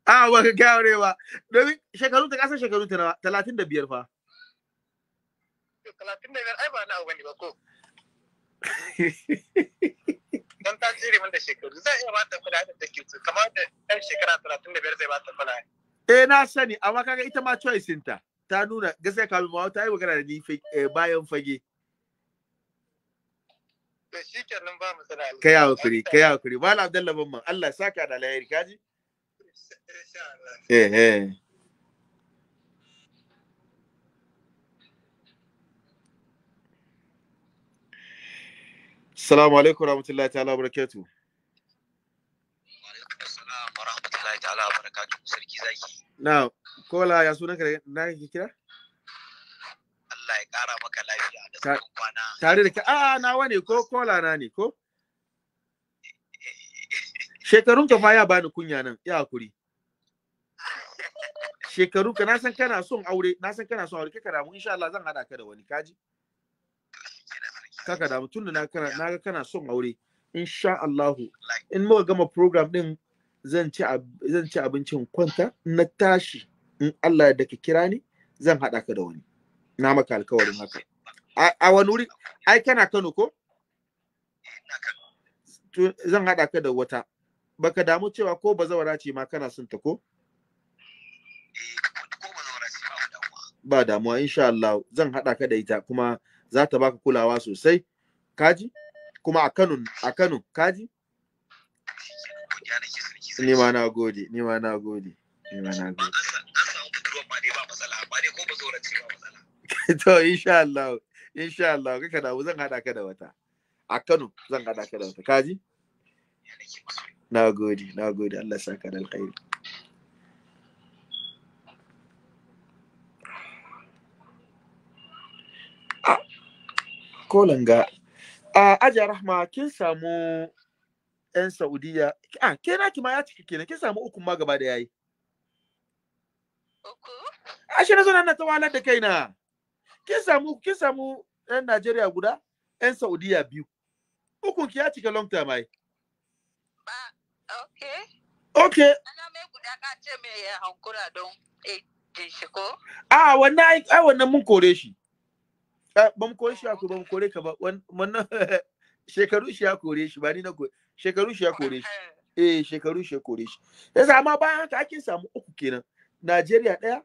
a ba ka kare ba domin shekaru ta san shekaru ta talatin da biyar fa talatin da biyar ai ba na ba ko don ta jire min da shekaru zai iya bata kula da take su kamar da ɗan shekara talatin da biyar zai bata kula. Eh na sani amma kaga ita ma choice ta ta nuna gaskiya kamin ma ta yi magana da ni eh, bayan fage. To shi kenan ba mu sana. Kai hakuri kai hakuri malam Abdullahi Mamman Allah ya saka da lahiri kaji. Eh eh. Assalamu alaikum rahmatullahi ta'ala barakatuh. warahmatullahi ta'ala barakatuh sarki zaki. Na, kola ya sunan ka na yake kira? Allah ya kara maka lafiya da tsawon kwana. Tare da ka a na wane ko kola na ne ko? Shekarun ka fa ya bani kunya nan, ya hakuri. Shekaru ka na san kana son aure, na san kana son aure, ka damu insha Allah zan hada ka da wani kaji. kaka da mutum da na ga kana son aure insha Allahu in muka gama program din zan ci zan ci abincin kwanta na tashi in Allah da ka kira ni zan hada ka da wani na maka alkawarin haka a wani wuri ai kana Kano ko eh, zan hada ka da wata baka damu cewa ko bazawara ce ma kana son ta ko eh, ba damuwa insha Allah zan hada ka da ita kuma za ta baka kulawa sosai kaji kuma a Kano a Kano kaji ni ma na gode ni ma na gode ni ma na gode to insha Allah insha Allah kaka da zan hada ka da wata a Kano zan hada ka da wata kaji na gode na gode Allah saka da alkhairi kolan ga a aja rahma kin samu yan saudiya a ke kima ma ya cika kenan kin samu uku ma gaba da yayi uku a shi na zo nan ta walar da kaina kin samu kin samu yan najeriya guda yan saudiya biyu ukun ki ya cika long term ai ba okay okay ana mai guda ka ce me ya hankura don eh din shi ko a wannan ai wannan mun kore shi ba mu kore shi ya ba mu kore ka ba wannan shekaru shi ya kore shi ba ni na kore shekaru shi ya kore shi eh shekaru shi ya kore shi yasa amma bayan haka ake samu uku kenan Najeriya daya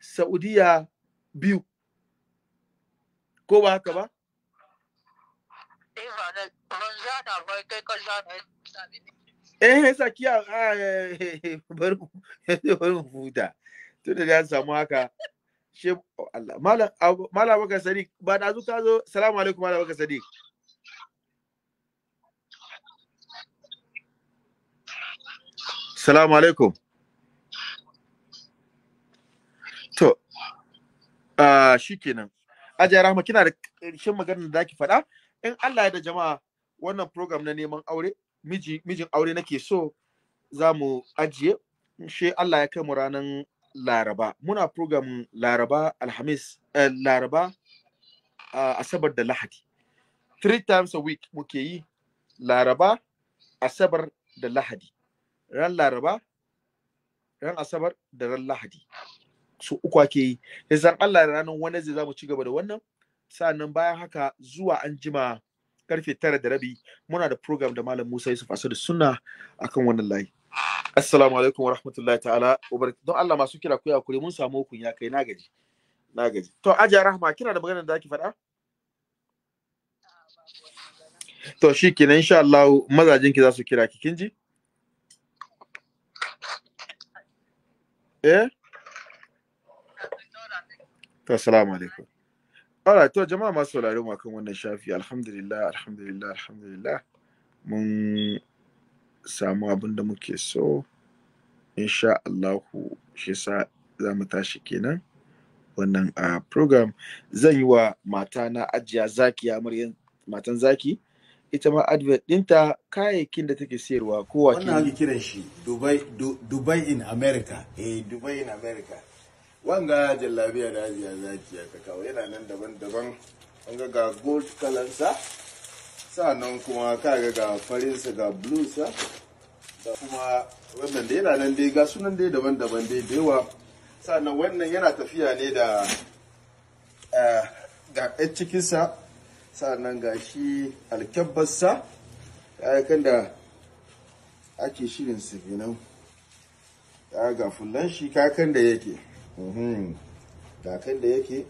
Saudiya biyu ko ba haka ba eh yasa kiya bari mu huta tunda da samu haka she Allah malam malam baka sadiq ba da zu zo assalamu alaikum malam baka sadiq assalamu alaikum to ah shikenan ajiya rahma kina da ƙarshen maganar da zaki faɗa in Allah ya da jama'a wannan program na neman aure miji mijin aure nake so za mu ajiye she Allah ya kai mu ranan. laraba muna program laraba alhamis uh, laraba ah, asabar da lahadi three times a week muke yi laraba asabar da lahadi ran laraba ran asabar da ran lahadi So uku ake yi da san allah ranar wani za mu ci gaba da wannan sa'annan bayan haka zuwa an jima karfe tara da rabi muna da program da malam musa yusuf asadu suna akan wannan layi Assalamu alaikum wa rahmatullahi ta'ala. Don Allah masu kira ku yakuri mun samu hukun ya kai na gaji. Na gaji. To Aja Rahma kina da maganar da ake faɗa? To shi kenan insha Allah mazajin ki za su kira ki kin ji? Eh? To assalamu alaikum. Ala to jama'a masu sauraro mu kan wannan shafi alhamdulillah alhamdulillah alhamdulillah mun samu abin da muke so insha Allahu shi sa za mu tashi kenan wannan a program zan yi wa mata na ajiya ya muryan matan zaki ita ma advert dinta kayayyakin da take sayarwa kowa wannan haka kiran shi dubai dubai in america eh dubai in america wanga jallabiya da ajiya ya ka kawo yana nan daban-daban wanga ga gold kalansa sa'annan kuma kaga ga farinsa ga bluesa da kuma wannan da yana nan dai ga sunan dai daban-daban dai da yawa sa'annan wannan yana tafiya ne da eh, ga ɗan cikinsa sa'annan ga shi alkyabbarsa kayakan da ake shirin su kenan ga fullan shi kakan da yake kakan mhm. da yake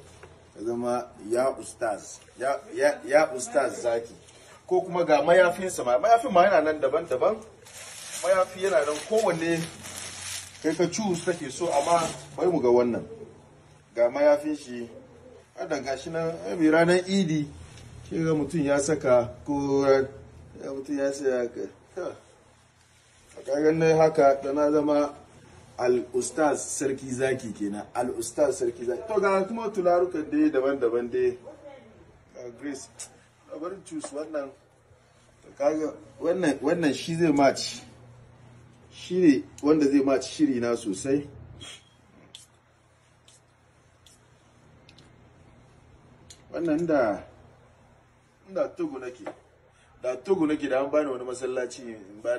zama ya ustaz ya ustaz zaki ko kuma ga mayafinsa ma mayafin ma yana nan daban-daban mayafi yana nan kowanne kai ka cus take so amma bai mu ga wannan ga mayafin shi da gashi nan mai ranar idi shi ga mutum ya saka ko ya mutum ya saka a kagan nan haka da na zama al-ustaz sarki zaki kenan al-ustaz sarki zaki to ga kuma tularukan dai daban-daban dai grace bari cus wannan kaga wannan wannan shi zai match wanda zai match shiri na sosai wannan da da nake da nake da an bani wani masallaci in ba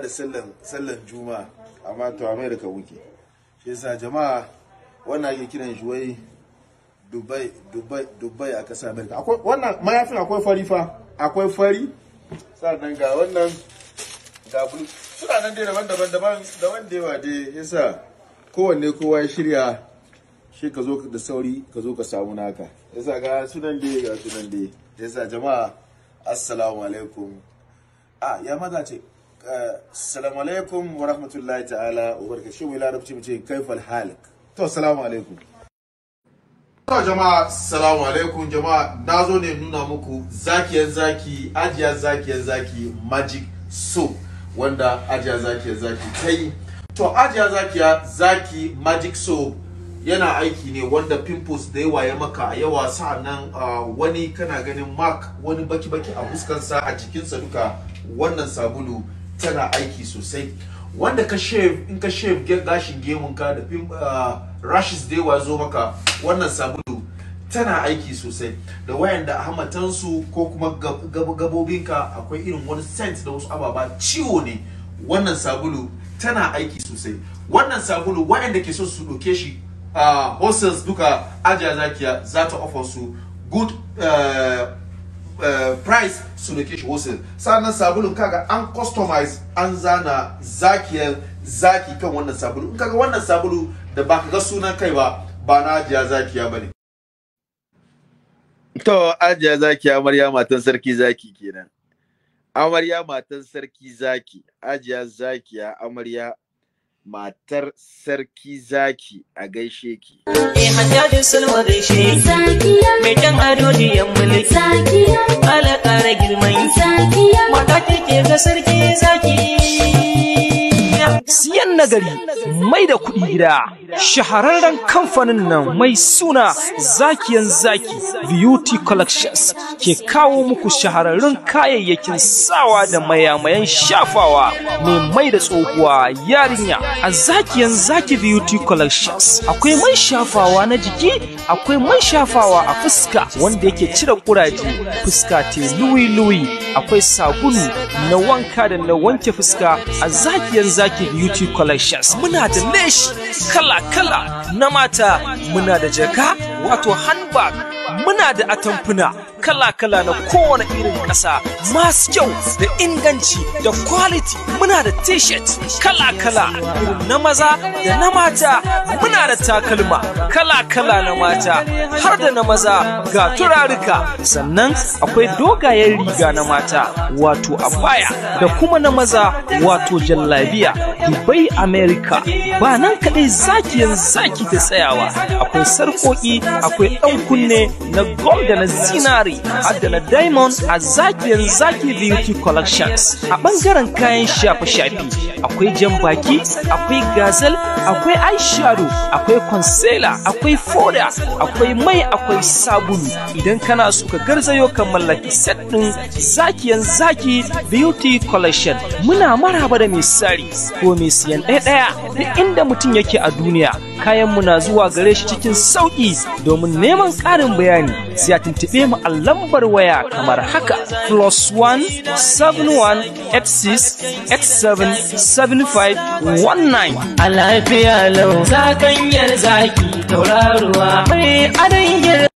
da sallan juma'a amma to america wuke shi yasa jama'a wannan ake kiran shi wai dubai dubai dubai a kasar america akwai wannan mayafin akwai fari fa akwai fari sannan ga wannan ga bulu suna nan dai daban-daban daban da wanda yawa dai yasa kowanne kowa ya shirya shi ka zo da sauri ka zo ka samu naka yasa ga sunan dai ga sunan dai yasa jama'a assalamu alaikum a ya maza ce eh, assalamu alaikum wa rahmatullahi ta'ala wa barakatuhu shi mu larabci mu ce kaifal halik to assalamu alaikum To jama'a salamu alaikum jama'a na zo ne nuna muku zakiyar zaki ajiyar zakiyar zaki magic soap wanda ajiya zakiyar zaki ta yi. To ajiyar zakiya zaki magic soap yana aiki ne wanda pimples da yawa ya maka a yawa sa'annan uh, wani kana ganin mark wani baki-baki a fuskansa a jikinsa duka wannan sabulu tana aiki sosai wanda ka shave in ka shave gashin gemunka da pimples. Ah, rashis dai wa zo maka wannan sabulu tana aiki sosai da wayanda hamatansu ko kuma gabobinka akwai irin wani scent da wasu ababa ciwo ne wannan sabulu tana aiki sosai wannan sabulu wayanda ke so su doke shi a hostels duka aja zakiya za ta offer su good uh, Uh, price su doke shi wholesale sannan sabulun kaga an customize an zana zakiyar zaki kan wannan sabulu in kaga wannan sabulu da baka ga sunan kai ba ba na ajiya zakiya bane to ajiya zakiya amarya matan sarki zaki kenan amarya matan sarki zaki ajiya zakiya amarya matar sarki zaki a gaishe ki. Eh hajjajin sulma gaishe zakiya mai jan ado da ala ƙara girman zakiya mata ke ga sarki zaki. siyan nagari mai da kuɗi gida shahararren kamfanin nan mai suna zakiyan zaki beauty collections ke kawo muku shahararrun kayayyakin sawa da mayamayan shafawa mai mai da tsohuwa yarinya a zakiyan zaki beauty collections akwai man shafawa na jiki akwai man shafawa a fuska wanda yake cire kuraje fuska te luwi-luwi akwai sabulu na wanka da na wanke fuska a zakiyan zaki Saki Beauty Collections. Muna da leshi kala-kala na mata, muna da jaka, wato handbag, muna da atamfuna. kala-kala na kowane irin ƙasa masu kyau da inganci da kwaliti muna da t-shirt kala-kala na maza da na mata muna da takalma kala-kala na mata har da na maza ga turarika sannan akwai dogayen riga na mata wato abaya da kuma na maza wato jallabiya dubai america ba nan kaɗai zaki yan zaki ta tsayawa akwai sarƙoƙi akwai ɗan kunne na gold da na zinari Fari Diamond a zakiyan zaki beauty collections. A ɓangaren kayan shafe-shafe akwai jan baki, akwai gazel, akwai eyeshadow, akwai concealer, akwai foda, akwai mai, akwai sabulu. Idan kana so ka garzayo ka mallaki set ɗin zaki beauty collection. Muna maraba da mai ko mai siyan ɗaya-ɗaya duk inda mutum yake a duniya. Kayanmu na zuwa gare shi cikin sauƙi domin neman ƙarin bayani sai a tuntuɓe mu Allah. lambar waya kamar haka plus 1 71 7 87 75 19. A lafiya lau, zakanyar zaki, tauraruwa, mai adangir